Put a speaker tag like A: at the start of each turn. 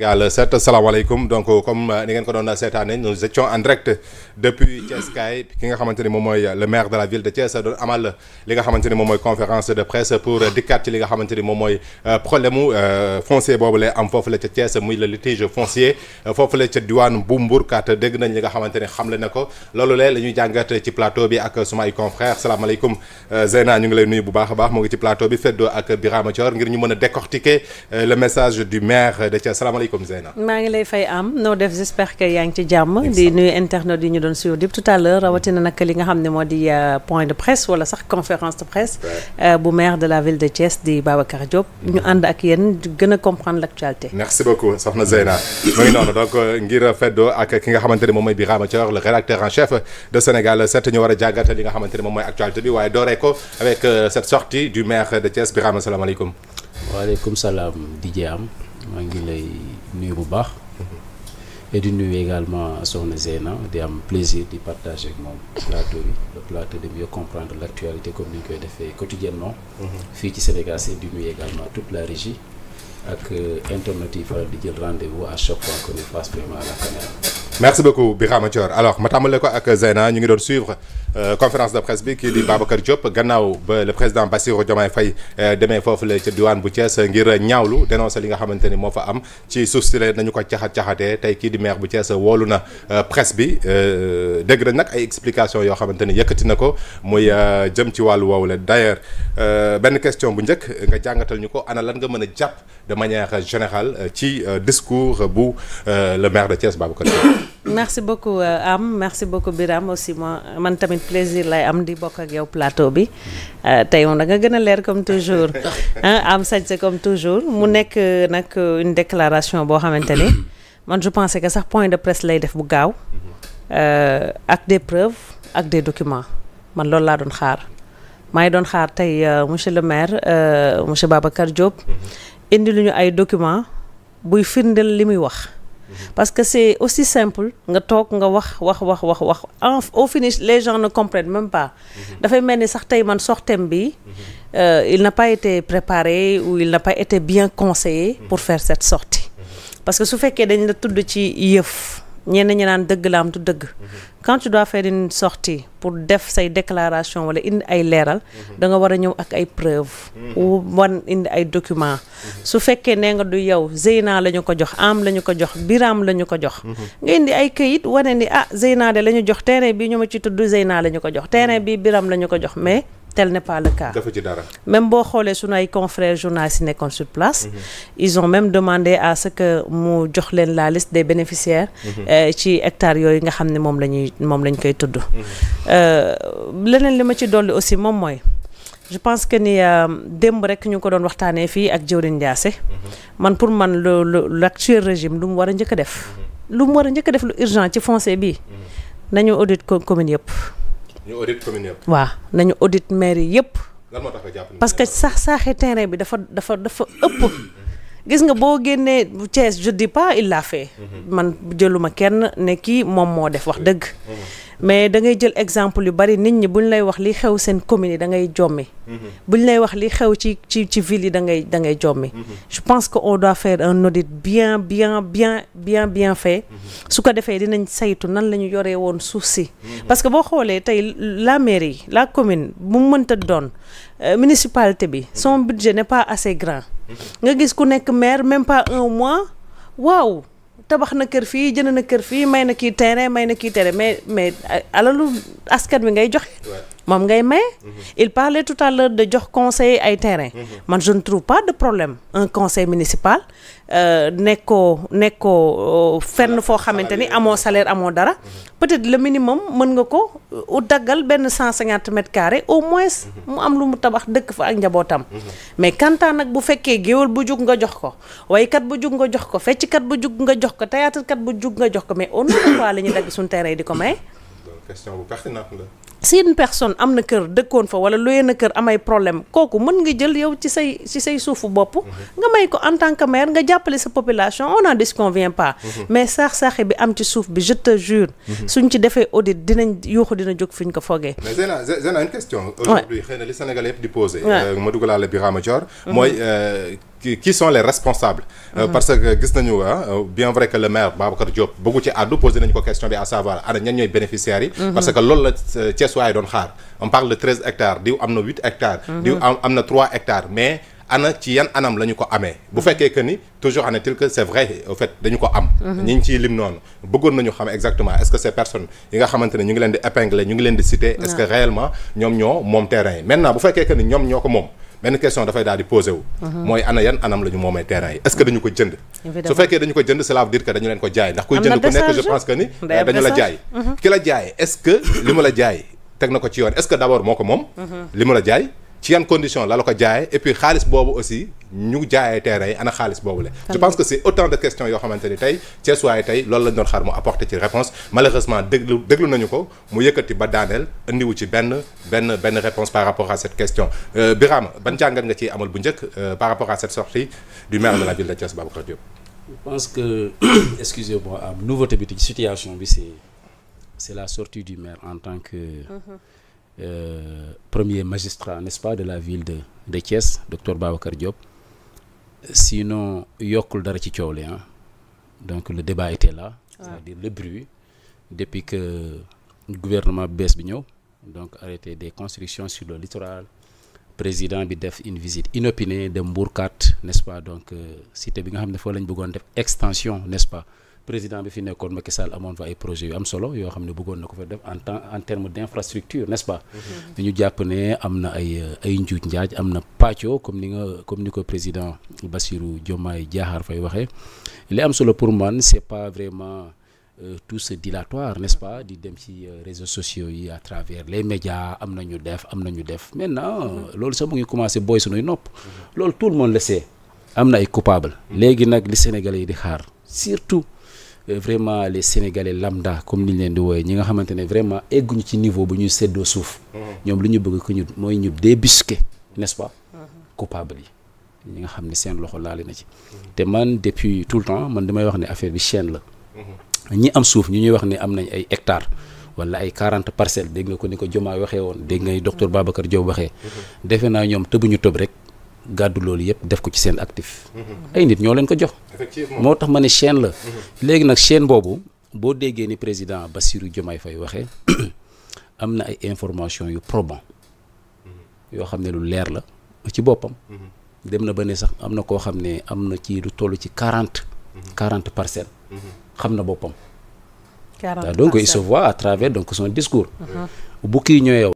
A: Sénégal 7 euh, salaamaaleykum donc euh, comme euh, ni ngeen ko doon seetaanee eh, nous étions en direct depuis Thiès Kaay ki nga xamante moom mooy le maire de la ville de Thiès doon amal li nga xamante moom mooy conférence de presse pour dikkaat ci li nga xamante moom mooy problème foncier boobu lay am foofu la ca Thiès muy le litige foncier foofu la ca diwaan bu dégg nañ li nga xamante ni xamle na ko loolu la ñuy jàngat ci plateau bi ak suma ay confrères asalaamaaleykum Zeyna.
B: maa ngi lay fay am noo def j'espère que yaa ngi ci jàmm. di nuyu internautes yi ñu doon suivre depuis tout à rawatina nag li nga xam ne moo di euh, point de presse wala sax conférence de presse. Euh, bu maire de la ville de Thiès di Babacar Diop. Mm-hmm. ñu ànd ak yéen gën a comprendre l'actualité. merci
A: beaucoup soxna Zeyna. mu ngi noonu donc ngir feddoo ak ki nga xamante ne moom mooy Birama Thior le rédacteur en chef de Sénégal set ñu war a jàngat li nga xamante ne moom mooy actualité bi waaye dooree ko avec euh, cette sortie du maire de Thiès Birama salaamaaleykum.
C: waaleykum salaam DJ Am maa nuyu bu baax. Mhm. et di nuyu également Soxna Zeyna di am plaisir di partager ak moom plateau bi le de mieux comprendre l' actualité comme ni ñu koy defee quotidiennement mhm. fii ci Sénégal c'est di nuyu également toute la régie ak euh, internet yi faral di jël rendez-vous à chaque fois qu'on est face vraiment la caméra.
A: merci beaucoup Birama Thior alors ma tàmbale ko ak Zeyna ñu ngi doon suivre euh, conférence de presse bi kii di Babacar Diop gannaaw ba le président Bassirou Diomaye Faye euh, demee foofu la ca diwaan bu Thiès ngir ñaawlu dénoncer li nga xamante ni moo fa am ci suuf si la nañu ko caxat caxatee tey kii di maire bu Thiès woolu na euh, presse bi dégg nañ nag ay explications yoo xamante ni yëkkati na ko muy jëm ci wàllu woowu la d'ailleurs benn question bu njëkk nga jàngatal ñu ko ana lan nga mën a jàpp de manière générale ci discours bu le
B: maire de Thiès Babacar Diop merci beaucoup euh, Am merci beaucoup Biram aussi ma man tamit plaisir lay am di bokk ak yow plateau bi euh, tey moom da nga gën a leer comme toujours am sañse comme toujours mu nekk nag une déclaration boo xamante ni man je pensais que sax point de presse lay def bu gaaw euh, ak des preuves ak des documents man loolu laa doon xaar maa ngi doon xaar tey monsieur le maire monsieur Babacar Diop mm-hmm. indi lu ñu ay documents buy firndeel li muy wax. parce que c'est aussi simple nga toog nga wax wax wax wax wax en au finish les gens ne comprennent pas dafay mel ni sax tey man sortem bi euh, il n'a pas été préparé ou il n'a pas été bien conseillé pour fair cette sortie parce que su fekkee dañ la tudd ci yëf ñenn ñi naan dëgg la am dëgg. Mhm. quand tu dois faire une pour def say déclaration wala indi ay leeral. Mhm. danga war a ñëw ak ay preuve mhm. wan indi ay document su fekkee nee nga du yow Zeyna la ñu ko jox am la ñu ko jox Biram la ñu ko jox. nga indi ay këyit wane ni ah Zeyna de la jox terrain bi ñu ma ci tudd Zeyna la ñu ko jox terrain bi Biram la ñu ko jox mais. tel n'est pas le cas même boo xoolee sunu ay confrères journalistes yi nekkoon sur place mhm. ils ont même demandé à ce que mu jox leen la liste des bénéficiaires mhm. euh, ci hectares yooyu nga xam ne moom la ñuy moom la koy tudd mhm. euh, leneen li ma ci dolli aussi moom mooy je pense que ni euh, démb rek ñu ko doon waxtaanee fii ak jëwriñ Ndiasse man pour man lu l'actuel régime lu mu war a njëkk a def lu mu war a njëkk def lu urgent ci foncier bi nañu audit commune yëpp
A: ñu audit commune yëpp.
B: waaw nañu audit maire yëpp.
A: lan moo tax nga parce
B: que sax saaxe terrain bi dafa dafa dafa ëpp. gis nga boo génnee Thiès je dis pas il l'a mhm. man jëluma kenn ne kii moom moo def wax dëgg. Mhm. mais da ngay jël exemple yu bari nit ñi bu ñu lay wax li xew seen commune yi da ngay jommi. Mhm. ñu lay wax li xew ci ci ci ville yi da ngay da ngay jommi. Mhm. je pense que on doit fair un audit bien bien bien bien bien fait. Mhm. su ko defee dinañ saytu nan la ñu yoree woon suuf si. parce que boo xoolee tey la mairie la commune bu mu mënta doon euh, municipalité bi son budget n'est pas assez grand. nga gis ku nekk maire même pas un mois waaw. tabax na kër fii jënd na kër fii may na kii terrain may na kii terrain mais mais euh, alalu askan bi ngay joxe. moom ngay maye. Mhm. il parlait tout à l'heure de jox conseil ay terrain mhm. man je ne trouve pas de problème un conseil municipal euh, nekkoo nekkoo euh, fenn foo xamante ni amoo salaire amoo dara mhm. peut-être le minimum mën nga ko u daggal benn cent cinquante mètres carrés au moins mu am lu mu tabax dëkk fa ak njabootam mais kantaan nag bu fekkee géwél bu jug nga jox ko waykat bu jug nga jox ko fecckat bu jug nga jox ko théâtre kat bu jug nga jox ko mais au nom de quoi la ñuy dagg terrain di ko may question bu si une personne am na kër dëkkoon fa wala looyee na kër amay problème kooku mën nga jël yow ci say ci say suufu bopp. nga may ko en tant que maire nga jàppale sa population on n'en disconvient pas. Mhm. mais saax saaxe bi am ci suuf bi je te jure. Mhm. suñ ci defee audit dinañ yuuxu dina jóg fi ñu ko foogee. mais Zeyna
A: Zeyna une question. aujourd'hui xëy na li Sénégalais yëpp di posé. Euh, ma dugalaale Birama Dior. Mhm. mooy. Euh, qui sont les responsables euh, uh-huh. parce que gis nañu euh, bien vrai que le maire Babacar Diop bëggu ci àddu posé nañu ko question bi à savoir ana ñan ñooy bénéficiaires yi uh-huh. parce que loolu la euh, Thiès waay doon xaar on parle de treize hectares diw am na huit hectares uh-huh. diw am am na trois hectares mais ana ci yan anam la ko amee bu fekkee que ni toujours en est-il c'est vrai au fait dañu ko am ñi ngi lim noonu bëggoon nañu xam exactement est-ce que ces personnes benn question dafay daal di posé wu mhm. mooy ana yan anam la ñu moomee terrain yi est-ce que dañu ko jënd su fekkee dañu ko jënd cela veut dire dañu leen ko jaay ndax kuy jënd ku nekk je pense que ni eh, dañu la jaay mhm. ki la jaay est-ce que li ma la jaay teg na ko ci yoon est-ce que d'abord moo ko moom mhm. li ma la jaay ci yann condition la la ko jaayee et puis xaalis boobu aussi ñu jaayee terrain yi ana xaalis boobu le je pense que c' est autant de questions yoo xamante ni tey Thiès waaye tey loolu lañ doon xaar mu apporter ci réponse malheureusement déglu déglu nañu ko mu yëkkati ba daaneel andiwu ci benn benn benn réponse par rapport à cette question euh, Birama ban jàngat nga ciy amal bu njëkk euh, par rapport à cette sortie du maire de la ville de Thiès Babacar Diop
C: je pense que excusez-moi ci situation bi c'est la sortie du maire en tant que mm-hmm. euh, premier magistrat n'est-ce pas de la ville de de Thiès docteur Babacar Diop sinon yokkul dara ci coow li ah donc le débat était là ouais. dire le bruit depuis que gouvernement bees bi ñëw donc arrêté des constructions sur le littoral président bi def une visite inopinée de Mbourkat n'est-ce pas donc euh, cité bi nga xam ne foo lañ bëggoon def extension n'est-ce pas président bi fi nekkoon Macky Sall amoon fa ay projets yu am solo yoo xam ne bëggoon na ko fa def en temps en terme d' infrastructure n' est ce pas. Mm-hmm. ñu jàpp ne am na ay ay njuuj njaaj am na pàccoo comme ni nga comme ni ko président Bassirou Diomaye Diakhar Faye waxee li am solo pour man c' est pas vraiment. Euh, tout ce dilatoire n'est-ce pas di dem ci euh, réseaux sociaux yi à travers les médias am na ñu def am na ñu def maintenant mm-hmm. loolu sax mu ngi commencé booy suñuy nopp mm-hmm. loolu tout le monde la sait am ay coupable léegi nag li Sénégalais yi di xaar surtout Euh, vraiment les sénégalais lambda comme niñ leen di wooye ñi nga xamante ne vraiment egguñu ci niveau bu ñuy séddoo suuf. Mm-hmm. ñoom lu ñu bëgg ko ñu mooy ñu débusquer n'est-ce pas. Mm-hmm. coupable yi. ñi nga xam ni seen loxo laale na ci. te man depuis tout le temps man damay wax ne affaire bi chaîne la.
B: Mm-hmm.
C: ñi am suuf ñu ñuy wax ne am nañ ay hectare wala ay quarante parcelles dégg nga ko ni ko Jomaa waxee woon dégg ngay docteur Babacar Diop waxee. defe naa ñoom ñu tëb rek. gàddu loolu yëpp def ko ci seen actif. Mhm. ay nit ñoo leen ko jox. moo tax ma ne chaîne la. Mhm. léegi nag chaîne boobu boo déggee ni président Bassirou Diomaye Faye waxee am na ay information yu probant mhm. yoo xam ne lu leer la ci boppam. dem na ba ne sax am na koo xam ne am na ci lu toll ci quarante. quarante parcelles. xam na boppam.
B: quarante parcelles donc il se
C: voit à travers donc son discours. Uh-huh. bu kii ñëwee